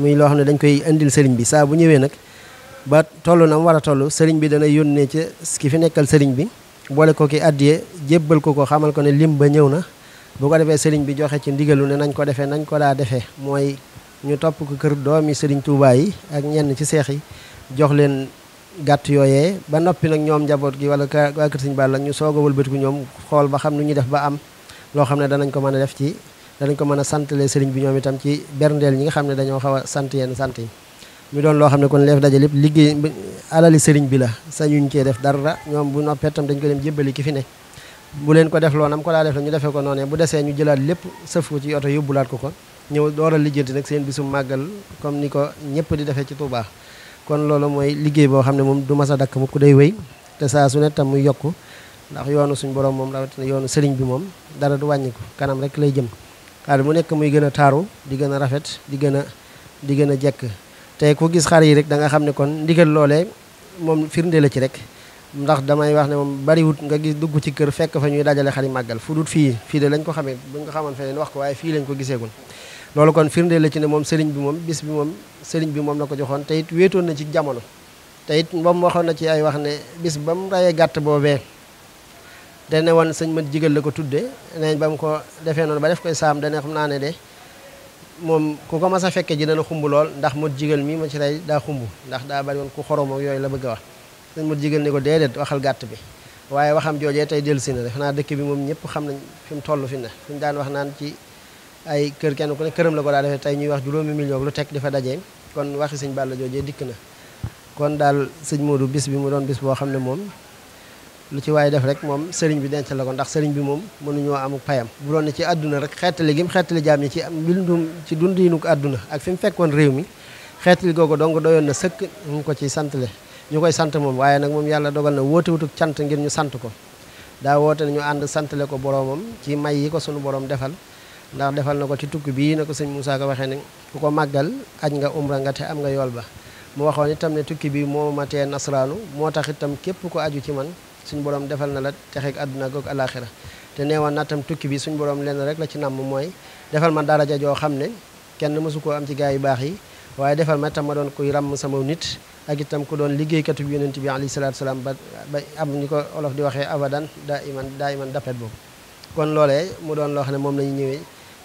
muy loo xam ne dañ koy indil sëriñ bi saa bu ñëwee nag ba toll na mu war a toll sëriñ bi dana yónnee ci ki fi nekkal sëriñ bi boole ko ki addiye jébbal ko ko xamal ko ne lim ba ñëw na bu ko defee sëriñ bi joxe ci ndigalu ne nañ ko defee nañ ko daa defee mooy ñu topp ko kër doomi sëriñ tuubaay yi ak ñenn ci seex yi jox leen gàtt yooye ba noppi nag ñoom njaboot gi wala waa kër Sëñ Balla ñu soog a wëlbatiku ñoom xool ba xam nu ñuy def ba am loo xam ne danañ ko mën a def ci danañ ko mën a santale sëriñ bi ñoom itam ci berndeel ñi nga xam ne dañoo xaw a sant yenn sant yi mu doon loo xam ne kon leef daje lépp liggéey alali sëriñ bi la sañuñ cee def dara ñoom bu noppee tam dañ ko dem jébbali ki fi ne bu leen ko def loo nam ko daa def la ñu defee ko noonee bu desee ñu jëlaat lépp sëf ko ci oto yóbbulaat ko ko ñëw door a lijjanti nag seen bisum màggal comme ni ko ñëpp di defee ci Tuubaa kon loolu mooy liggéey boo xam ne moom du mas a dakk mukk day wéy te saa su ne tam muy yokku ndax yoonu suñu borom moom rawatina yoonu sëriñ bi moom dara du wàññiku kanam rek lay jëm xaar mu nekk muy gën a taaru di gën a rafet di gën a di gën a jekk te ku gis xar yi rek danga xam ne kon ndigal loole moom firnde la ci rek ndax damay wax ne moom bariwut nga gis dugg ci kër fekk fa ñuy dajale xari màggal fu dut fii fii de lañ ko xamee buñ ko xamoon feneen wax ko waaye fii lañ ko giseegul loolu kon firnde la ci ne moom sëriñ bi moom bis bi moom sëriñ bi moom la ko joxoon te it na ci jamono teyit ba mu waxoon na ci ay wax ne bis ba mu rayee gàtt boobee dane woon sëñ mat jigal la ko tudde neeñ ba mu ko defee noonu ba def koy saam dane xam naa ne de moom ku ko mas a fekke ji dana lool ndax mat jigal mi ma ci rey daa xumb ndax daa bari woon ku xorom yooyu la bëgg wax sëñ mat ne ko déedéet waxal gàtt bi waaye waxam joojee tey dellu si na def dëkk bi moom ñëpp xam nañ fi mu toll fi ne fi wax naan ci ay kër kenn ku ne këram la ko daa defee tey ñuy wax juróomi million lu teg di fa daje kon waxi sëñ Balla joojee dikk na kon daal sëñ Modou bis bi mu doon bis boo xam ne moom lu ci waaye def rek moom sëriñ bi denc la ko ndax sëriñ bi moom mënuñoo amuk payam bu doon ne ci àdduna rek xeetali gim xeetali jaam ñi ci mbindum ci dundinuk àdduna ak fi mu fekkoon réew mi xeetali googu donc doyoon na sëkk ñu ngi ko ci le ñu koy sant moom waaye nag moom yàlla dogal na woote wutuk cant ngir ñu sant ko daa woote ne ñu ànd santale ko boroomam ci may yi ko sunu borom defal ndax defal nako ci tukki bi nako seigne Moussa ka waxe ni kuko magal aj nga umra nga te am nga yol ba mu waxone tam ne tukki bi mo mate nasranu nasraanu tax itam kep ko aju ci man suñ borom defal na la texeeg àdduna goog alaxira te neewoon na tam tukki bi suñ borom len rek la ci nam moy defal man dara ja jo xamne kenn musuko am ci gaay yu bax yi waye defal ma tam ma don koy ram sama nit ak itam ku don liggey katub bi ali sallallahu alaihi ba am ni ko olof di waxe abadan daiman iman dafet iman dapet kon lolé mu don lo xamne mom lañu ñëwé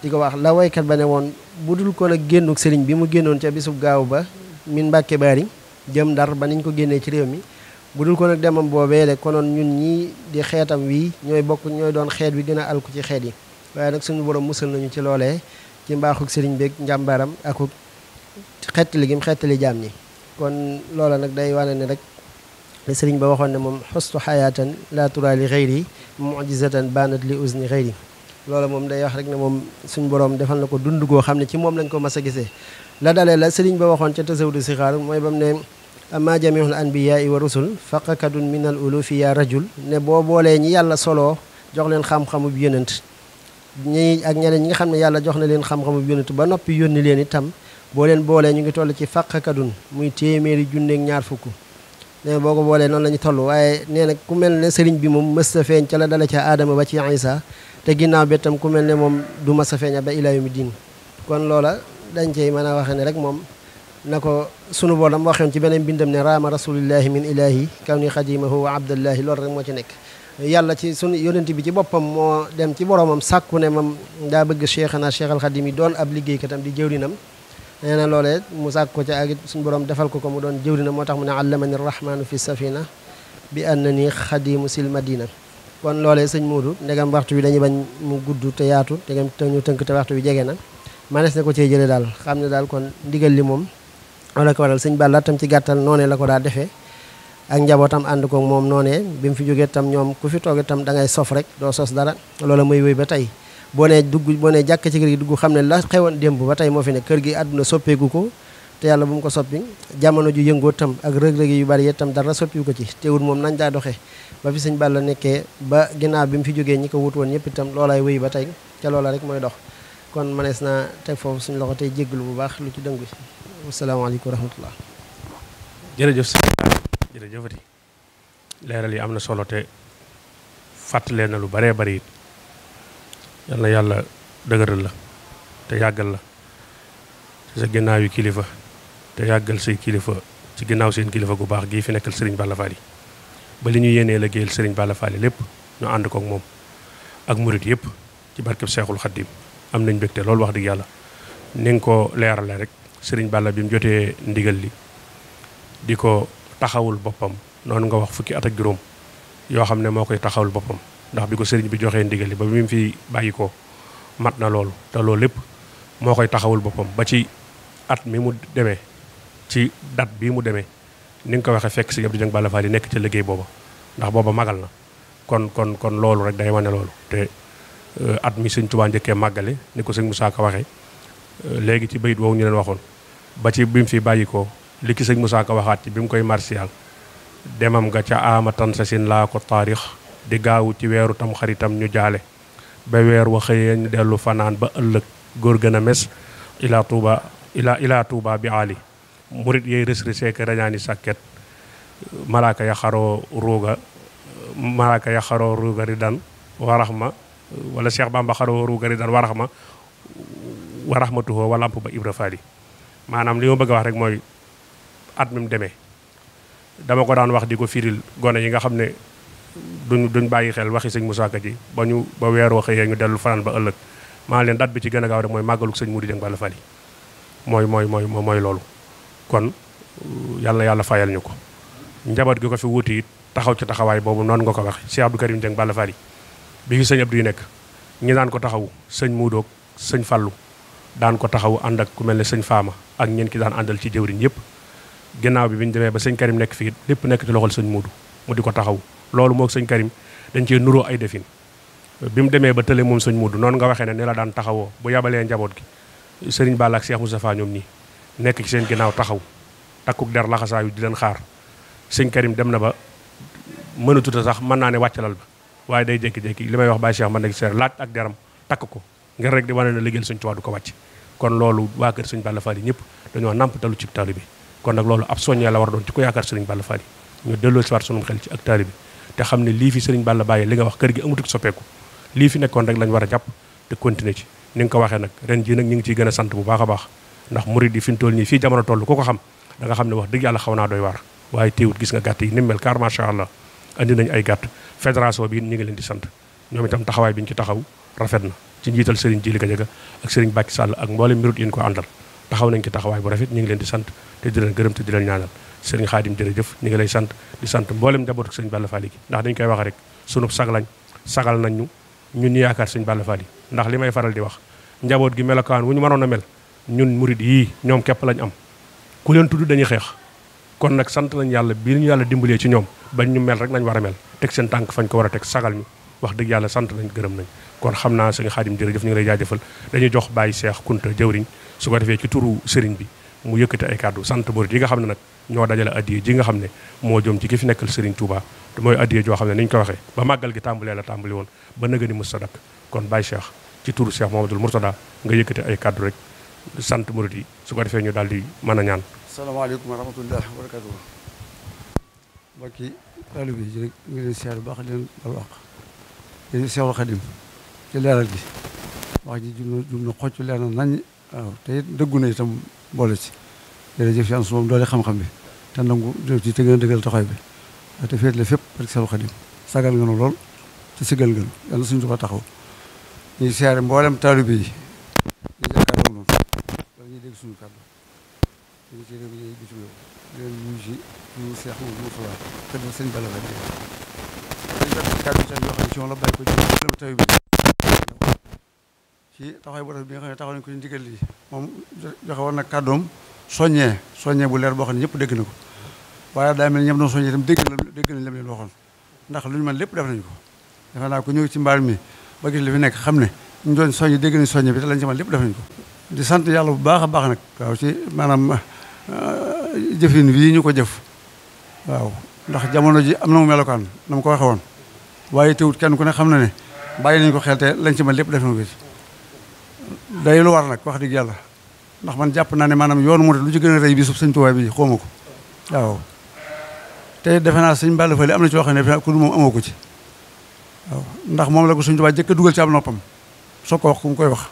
di ko wax la waykat ba ne woon bu dul ko nag génnu sëriñ bi mu génnoon ca bisub gaaw ba min mbàkke baari jëm ndar ba niñ ko génnee ci réew mi bu dul ko nag demam boobee le konoon ñun ñi di xeetam wi ñooy bokk ñooy doon xeet wi gën a alku ci xeet yi waaye nag suñu borom musal nañu ci loolee ci mbaaxuk sëriñ beeg njàmbaram akuk xettali mu xettali jaam ni kon loola nag day wane ne rek sëriñ ba waxoon ne moom xustu xayaatan la tura li xeyri mujizatan banat li usni xeyri loola moom day wax rek ne moom suñ borom defal na ko dund goo xam ne ci moom lañ ko mas gisee la dalee la sëriñ ba waxoon ca si sixaar mooy ba mu ne amma jamihul anbiyaai wa rusul faqakadun min al ulufi ya rajul ne boo boolee ñi yàlla soloo jox leen xam-xamub ñi ak ñeneen ñi nga xam ne yàlla jox na leen xam-xamub ba noppi yónni leen itam boo leen boolee ñu ngi toll ci faqakadun muy téeméeri junneeg ñaar fukk ne boo ko boolee noonu la ñu toll waaye nee nag ku mel ne sëriñ bi moom mës a feeñ ca la dale ca aadama ba ci isa te ginnaw betam ku melne mom du ma sa feña ba ila yawmi din kon lola dañ cey mën waxé ne rek mom nako sunu bolam waxé ci benen bindam ne rama rasulillahi min ilahi kauni ni wa abdullahi lol rek mo ci nek yàlla ci sunu yonenti bi ci bopam mo dem ci boromam sàkku ne moom da bëgg cheikhana cheikh al khadimi don ab katam di jëwrinam neena lolé mu sàkk ci agit suñu borom defal ko ko mu don jëwrinam motax mu ne allamani arrahmanu fi safina bi annani xadimu sil madina kon loolee sëñ Moodu ndegam waxtu wi dañuy bañ mu gudd te yaatu ndegam te ñu tënk te waxtu wi jege na manes na ko cee jële daal xam ne daal kon ndigal li moom wala ko waral sëñ Balla tam ci gàttal noonee la ko daa defee ak njabootam ànd ko moom noonee bi mu fi jógee tam ñoom ku fi toogee tam da ngay sof rek doo sos dara loola muy wéy ba tey boo nee dugg boo nee jàkk ci kër gi dugg xam ne la xewoon démb ba tey moo fi ne kër gi àdduna soppeeku ko te yàlla bu mu ko soppi jamono ju yëngoo tam ak rëg-rëg yu bari itam dara soppiwu ko ci teewul moom nañ daa doxee ba fi sëñ la nekkee ba ginnaaw bi mu fi jógee ñi ko wut woon ñëpp itam loolay wéy ba tey te loola rek mooy dox kon mënees naa teg foofu suñ loxo tey jéggalu bu baax lu ci dëngu asalaamaaleykum wa rahmatullah jërëjëf sëñ jërëjëfati leeral yi am na solo te fàttalee na lu baree bari it yal na yàlla dëgëral la te yàggal la ci sa ginnaaw yu kilifa te yàggal say kilifa ci ginnaaw seen kilifa gu baax gii fi nekkal Serigne Balla Fally ba li ñu yéenee la géeyal Serigne Balla Fally lépp ñu ànd kook moom ak murit yëpp ci barkeb Seexul Xaddim am nañ te loolu wax dëgg yàlla ni nga ko leerale rek sëriñ Balla bi mu jotee ndigal li di ko taxawul boppam noonu nga wax fukki at ak juróom yoo xam ne moo koy taxawul boppam ndax bi ko Serigne bi joxee ndigal li ba bi mu fi bàyyi ko mat na loolu te loolu lépp moo koy taxawul boppam ba ci at mi mu demee ci dat bi mu demee ni nga ko waxee fekk si Abdou Dieng Balla Fally nekk ci liggéey booba ndax booba magal na kon kon kon loolu rek day wane loolu te euh, at mi sëñ Tuubaa njëkkee màggale ni ko sëñ Moussa Ka waxee euh, léegi ci bayit woowu ñu leen waxoon ba ci bi mu fi bàyyi li ki sëñ Moussa Ka waxaat ci bi koy martial demam nga ca aama tan sa sin laa ko taarix di gaawu ci weeru tam xaritam ñu jaale ba weer wa ñu dellu fanaan ba ëllëg góor gën mes ila Touba ila ila Touba bi aali murid yey resrise ke rañani saket malaka ya xaro ruga malaka ya xaro ruga ridan warahma, wala cheikh bamba xaro ruga ridan warahma, warahma wa rahmatuhu wa ba ibra fali manam li mo bëgg wax rek moy at mim dama ko daan wax diko firil gone yi nga xamne duñ duñ bayyi xel waxi seigne moussa kadi bañu ba ba wéro xeye ñu delu fanan ba ëlëk ma leen dat bi ci gëna gaaw rek moy magaluk seigne moudi jeng balla fali moy moy moy moy lolu kon yàlla yàlla fayal ñu ko njaboot gi ko fi wuuti taxaw ci taxawaay boobu noonu nga ko wax Cheikh Abdou Karim Dieng Balla Fally bi fi sëñ Abdou yi nekk ñi daan ko taxaw sëñ Muudoog sëñ Fallu daan ko taxaw ànd ak ku mel ne sëñ Faama ak ñeen ki daan àndal ci jëwriñ yëpp ginnaaw bi bi ñu demee ba sëñ Karim nekk fii lépp nekk ci loxol sëñ Muudu mu di ko taxaw loolu moo sëñ Karim dañ cee nuroo ay defin bi mu demee ba tële moom sëñ Muudu noonu nga waxee ne ne la daan taxawoo bu yabalee njaboot gi sëriñ Balla ak Cheikh Moustapha ñoom ñii nekk ci seen ginnaaw taxaw takkuk der laxasaayu di leen xaar sëñ Karim dem na ba mënatuta sax mën naa ne wàccalal ba waaye day jékki-jékki li may wax Baye Cheikh man nag seer laaj ak deram takk ko ngir rek di wane ne liggéeyal suñ tuwaa du ko wàcc kon loolu waa kër suñ Balla Fally ñëpp dañoo nàmpatalu ci taalibe kon nag loolu ab soññee la war doon ci ko yaakaar sëriñ Balla Fally ñu delloo si waat sunum xel ci ak taalibe te xam ne lii fi sëriñ bàyyi li nga wax kër gi amutuk soppeeku lii fi nekkoon rek lañ war a jàpp te continuer ci ni nga waxee nag ren jii nag ñu ngi ciy gën a sant bu baax a baax ndax murid yi fi ñu toll nii fii jamono toll ku ko xam da xam ne wax dëgg yàlla xaw naa doy waar waaye teewut gis nga gàtt yi ni mel car macha allah andi nañu ay gàtt fédération bi ñu ngi leen di sant ñoom itam taxawaay bi ñu ci taxaw rafet na ci njiital Serigne Djili Gadiaga ak Serigne Bàcci Sall ak mboolem murid yi ñu ko àndal taxaw nañ ci taxawaay bu rafet ñu ngi leen di sant te di gërëm te di leen ñaanal Serigne Khadim jërëjëf ñu ngi lay sant di sant mboolem njaboot Serigne Balla Fally gi ndax dañ koy wax rek sunub sag lañ nañ ñu ñun ñu yaakaar Serigne Balla Fally ndax li may faral di wax njaboot gi melokaan wu ñu mënoon a mel ñun murit yii ñoom képp lañ am ku leen tudd dañuy xeex kon nag sant nañ yàlla bi ñu yàlla dimbalee ci ñoom bañ ñu mel rek nañ war a mel teg seen tànk fañ ko war a teg sagal ñu wax dëgg yàlla sant nañ gërëm nañ kon xam naa sëñ Xaadim jërëjëf ñu ngi lay jaajëfal dañuy jox Baye Cheikh Kunta jëwriñ su ko defee ci turu sëriñ bi mu yëkkati ay kàddu sant murid yi nga xam ne nag ñoo dajale addiye ji nga xam ne moo jom ci ki fi nekkal sëriñ Touba te mooy addiye joo xam ne ni ko waxee ba màggal gi tàmbalee la tàmbali woon ba nëgëni mustadak kon Baye Cheikh ci turu Cheikh Mouhamadoul Mourtada nga yëkkati ay rek sant murit yi su ko defee ñu daal di mën a ñaan. salaamaaleykum wa rahmatulah wa barakatuh. mbokki taalibe yi ñu ngi leen siyaar bu baax di leen baax yéen Seexul Xadim ci leeral gi wax ji jum jum na xocc leer na nañ waaw te dëggu na itam boole si jërëjëf yàlla moom doole xam bi te nangu ci te gën a dëggal taxawaay bi te féet la fépp parce que Seexul sagal nga lool te sigal nga nu yàlla suñu tuba taxaw ñuy siyaare mboolem taalibe yi dégg suñu kàddu ñu ngi ci réew yooyu bitim réew di leen wuyu si ñu seex moom mu ko ci taw bi ci taxawaay bu bi xam ne taxaw nañ ko ci ndigal lii moom joxe woon nag kàddoom soññee soññee bu leer boo xam ne ñëpp dégg na ko waaye daa mel ni ñoom doon soññee itam dégg na dégg nañ lu ñu lépp def nañ ko defe naa ko ci mbaar mi ba nekk xam ne ñu doon soññi dégg nañ soññe bi te lañ ci mën lépp def nañ ko di sant yàlla bu baax a baax nag waaw ci maanaam euh, jëfin wii ñu ko jëf waaw ndax jamono ji am na mu melokaan na mu ko waxe woon waaye teewut kenn ku ne xam na ne bàyyi nañ ko xel te lañ ci man lépp def na ko ci day nag wax dëgg yàlla ndax man jàpp naa ne maanaam yoonu murid lu ci gën a rëy bi sub sëñ ko waaw te defe naa sëñ Balla am na ci xam ne defe naa moom amoo ko ci waaw ndax moom la ko sëñ Tuubaa jëkk dugal ci am noppam soo ko wax ku koy wax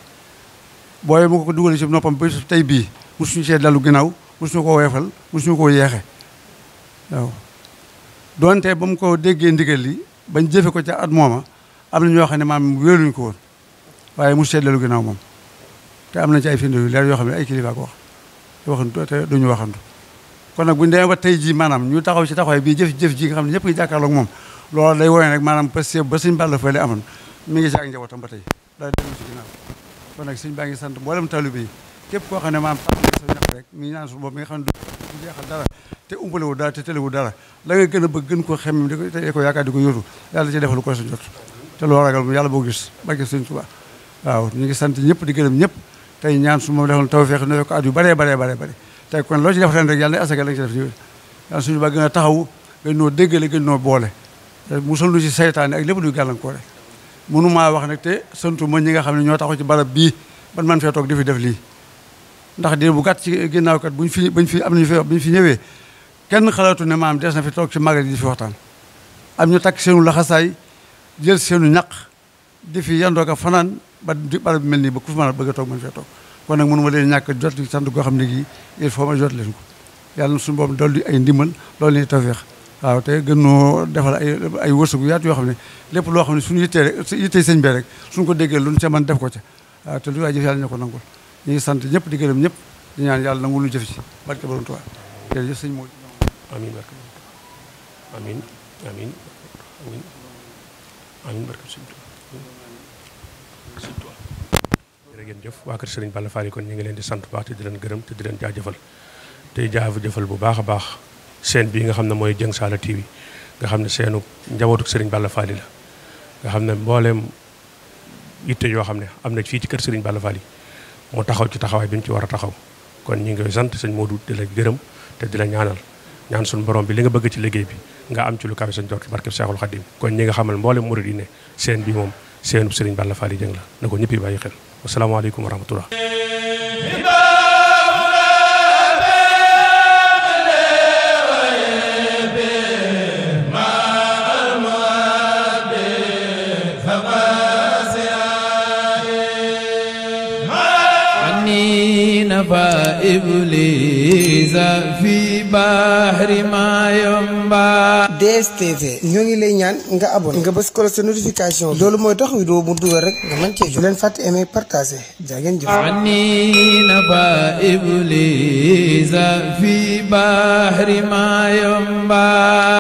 booyee mu ko dugalee si noppam ba tey bii mosuñu see dalu ginnaaw mosuñu ko weefal mosuñu koo yeexe waaw doonte ba mu ko déggee ndigal li bañ jëfe ko ca at mooma am na ñoo xam ne maam wéeluñ ko woon waaye mosu see dalu ginnaaw moom te am na ci ay firnde yu leer yoo xam ne ay kilifa ko wax waxantu te ñu waxantu kon nag buñu demee ba tey jii maanaam ñu taxaw ci taxawaay bii jëf jëf ji nga xam ne ñëpp ngi jàkkaarloog moom loolu day woowee rek maanaam parce que ba suñ bàll fële amoon mi ngi si ak njabootam ba tey kon nag sëñ baa ngi sant mboolem taalibe yi képp koo xam ne maam tax sa mi ñaan suñu mi nga xam ne du jeexal dara te umpale wu dara te tële wu dara la nga gën a bëgg gën ko xem di ko te ko yaakaar di ko yóotu yàlla loo ragal mu boo gis barke sëñ Tuubaa waaw ñu ngi sant ñëpp di gërëm ñëpp te ñaan su moom taw tawfeex ne ko at yu baree baree baree baree kon loo ci def ren rek yàlla ne asaka la ci def ñëw yàlla suñu baa gën a taxaw gën noo déggale gën noo boole musal nu ci seytaane ak lépp luy gàllankoore mënumaa wax nag te santu ma ñi nga xam ne ñoo taxu ci barab bii ban man fee toog di fi def lii ndax di bu gàtt ci ginnaaw kat buñ fi bañ fi am nañu fi wax fi ñëwee kenn xalaatu ne maam des na fi toog ci magal di fi waxtaan am ñu takk seenu laxasaay jël seenu ñaq di fi yandoo a fanaan ba di barab bi mel nii ba ku fi a bëgg a toog mën fee toog kon nag mënuma leen ñàkk jot sant goo xam ne gii il faut ma jot leen ko yàlla na suñu boobu di ay ndimbal loolu ne tawfeex waaw te gën noo defal ay ay wërsëg yaat yoo xam ne lépp loo xam ne suñu yittee rek yittee sëñ bee rek suñu ko déggee luñ ca man def ko ca waaw te lu waay jëf yàlla na ko nangul ñu ngi sant ñëpp di gërëm ñëpp di ñaan yàlla lu jëf ci barke borom Tuubaa sëñ moo amiin barke amiin amiin amiin amiin barke sëñ Tuubaa sëñ Tuubaa waa kër Sëriñ Balla Fall kon ñu ngi leen di sant bu baax te di leen gërëm te di leen jaa jëfal jaajëfal te jëfal bu baax a baax seen bii nga xam ne mooy Dieng Saala TV nga xam ne seenu njabootu sëriñ Balla faali la nga xam ne mbooleem yitte yoo xam ne am na fii ci kër sëriñ Balla Fally mu taxaw ci taxawaay bi mu ci war a taxaw kon ñu ngi koy sant sëñ Modou di la gërëm te di la ñaanal ñaan suñu borom bi li nga bëgg ci liggéey bi nga am ci lu kawe sa njort barkeb Seexul Xadim kon ñi nga xamal mboolem murid yi ne seen bi moom seenu Serigne Balla Fally Dieng la na ko ñëpp bàyyi xel wasalaamaaleykum wa rahmatullah DSTV ñoo ngi lay ñaan nga abonné nga bës ko sa notification loolu mooy tax vidéo mu dugal rek nga mën cee jot leen fàtte aimer partager jaa ngeen jëf fi bahri ma yomba